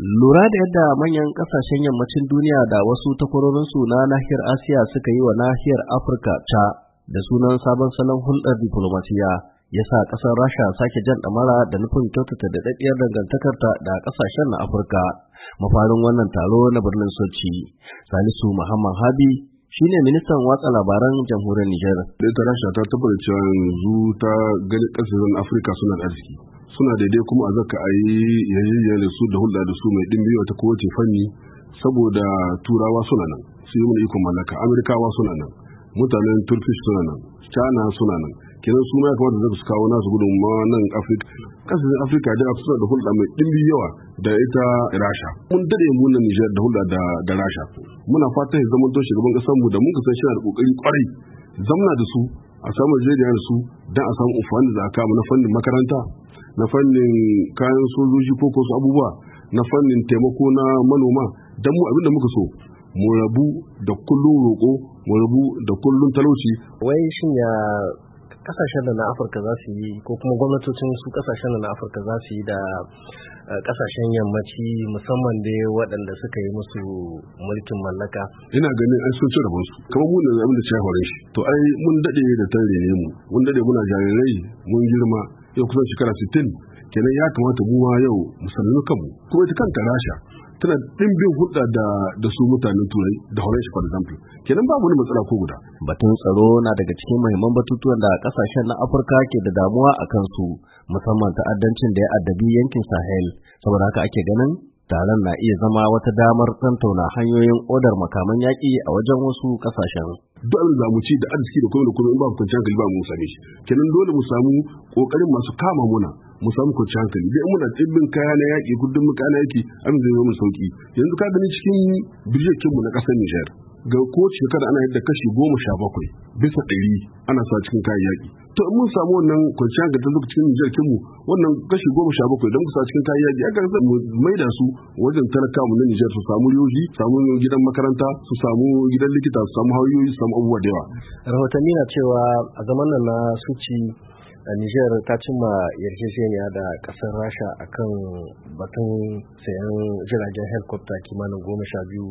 Lura da yadda manyan ƙasashen yammacin duniya da wasu takwarorinsu na nahiyar Asiya suka yi wa nahiyar Afirka ta da sunan sabon salon hulɗar diplomasiya ya sa ƙasar Rasha sake jan ɗamara da nufin kyautata da daɗiyar dangantakarta da ƙasashen na Afirka. Mafarin wannan taro na birnin Sochi, Salisu Muhammad Habi shi ne ministan watsa labaran jamhuriyar Nijar. Da ita rasha ta tabbata cewa yanzu ta gani ƙasashen Afirka suna da arziki. suna daidai kuma a zaka a yi yayyayya da su da hulɗa da su mai ɗimbi wata kowace fanni saboda turawa suna nan su yi mana ikon mallaka amerikawa suna nan mutanen turkish suna nan china suna nan kenan su ma ya kamata zaka su kawo nasu ma nan afirka kasashen afirka da suna da hulɗa mai ɗimbi yawa da ita rasha mun dade mu nan nijar da hulɗa da rasha muna fata ya zama to shugaban ƙasar mu da mun kasance shi da kokari kwarai zamna da su a samu yarjejeniya da su don a samu ufani da aka na fannin makaranta na fannin kayan sojoji ko kosu abubuwa na fannin taimako na manoma don mu abinda muka so mu rabu da kullum roƙo mu rabu da kullum talauci wai shin ya kasashen da na afirka za su yi ko kuma gwamnatocin su kasashen da na afirka za su yi da kasashen eh, yammaci musamman da waɗanda suka yi musu mulkin mallaka ina ganin ai sun ci rabon su kamar mun da abin da shi to ai mun dade da tare ne mu mun dade muna jarirai mun girma yau kusan shekara sittin kenan ya kamata mu ma yau mu kanmu kuma ita kanta rasha tana dimbin hulɗa da da su mutanen turai da horeshi for example kenan babu wani matsala ko guda batun tsaro na daga cikin muhimman batutuwan da kasashen na afirka ke da damuwa a kansu musamman ta'addancin da ya addabi yankin sahel saboda haka ake ganin taron na iya zama wata damar tantauna hanyoyin odar makaman yaƙi a wajen wasu ƙasashen. Duk abin da mu ci da arziki da kuma da kuma ba kwanciyar hankali ba mu same shi. Kenan dole mu samu ƙoƙarin masu kama muna mu samu kwanciyar hankali. Dai muna tsibbin kaya na yaƙi gudun muka na yaƙi abin zai zama sauƙi. Yanzu ka gani cikin birjekin mu na ƙasar Nijar. ga kowace shekara ana yadda kashi goma sha bakwai bisa ɗari ana sa cikin kayan yaƙi to mun samu wannan kwanciyar ga ta lokacin jirgin mu wannan kashi goma sha bakwai don sa cikin kayan yaƙi aka mu da su wajen talaka mu na Nijar su samu yoji samu gidan makaranta su samu gidan likita su samu hauyoyi su samu abubuwa da yawa rahotanni na cewa a zaman nan na suci a ta cimma yarjejeniya da kasar Rasha a kan batun sayan jiragen helikwafta kimanin goma sha biyu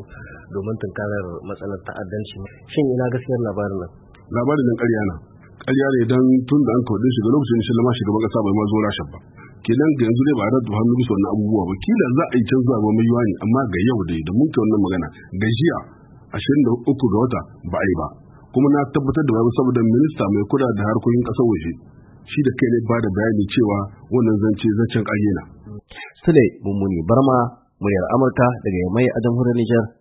domin tunkarar matsalar ta'addanci. Shin ina gaskiyar labarin nan? Labarin nan ƙarya na. Ƙarya ne don tun da an kawo shiga lokacin shi lama shugaban ƙasa bai ma zo Rasha ba. kenan ga yanzu dai ba da hannu bisa wannan abubuwa ba kila za a yi can zuwa ba mai yiwa amma ga yau dai da muke wannan magana ga jiya ashirin da uku ga wata ba a yi ba kuma na tabbatar da babu saboda minista mai kula da harkokin kasar waje shi da kai ne ba da bayani cewa wannan zance zancen ƙarya na. Sule Mummuni Barma, muryar Amurka daga Yamai a jamhuriyar Nijar.